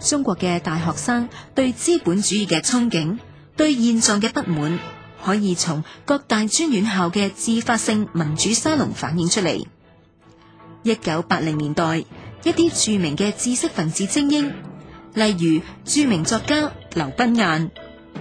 中國嘅大學生對資本主義嘅憧憬，對現狀嘅不滿，可以從各大專院校嘅自發性民主沙龍反映出嚟。一九八零年代，一啲著名嘅知識分子精英，例如著名作家劉賓雁、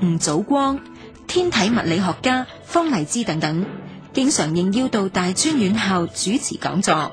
吳祖光、天體物理學家方勵之等等，經常應邀到大專院校主持講座。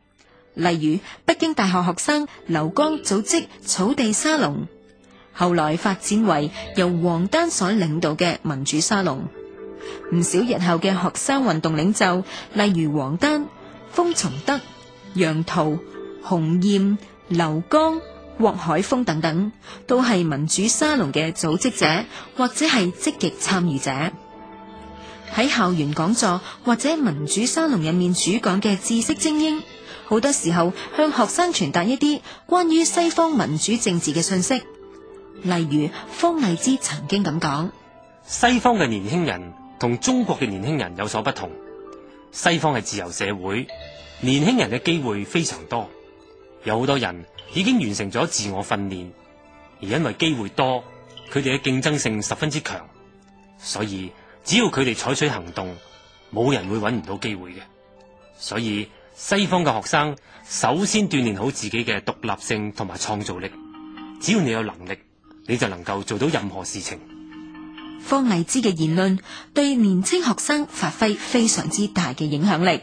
例如北京大學學生劉剛組織草地沙龍，後來發展為由王丹所領導嘅民主沙龍。唔少日後嘅學生運動領袖，例如王丹、封崇德、楊濤、洪燕、劉剛、郭海峰等等，都係民主沙龍嘅組織者或者係積極參與者。喺校園講座或者民主沙龍入面主講嘅知識精英，好多時候向學生傳達一啲關於西方民主政治嘅信息，例如方勵之曾經咁講：西方嘅年輕人同中國嘅年輕人有所不同，西方係自由社會，年輕人嘅機會非常多，有好多人已經完成咗自我訓練，而因為機會多，佢哋嘅競爭性十分之強，所以只要佢哋採取行動，冇人會搵唔到機會嘅，所以。西方嘅學生首先鍛煉好自己嘅獨立性同埋創造力。只要你有能力，你就能夠做到任何事情。方勵之嘅言論對年青學生發揮非常之大嘅影響力。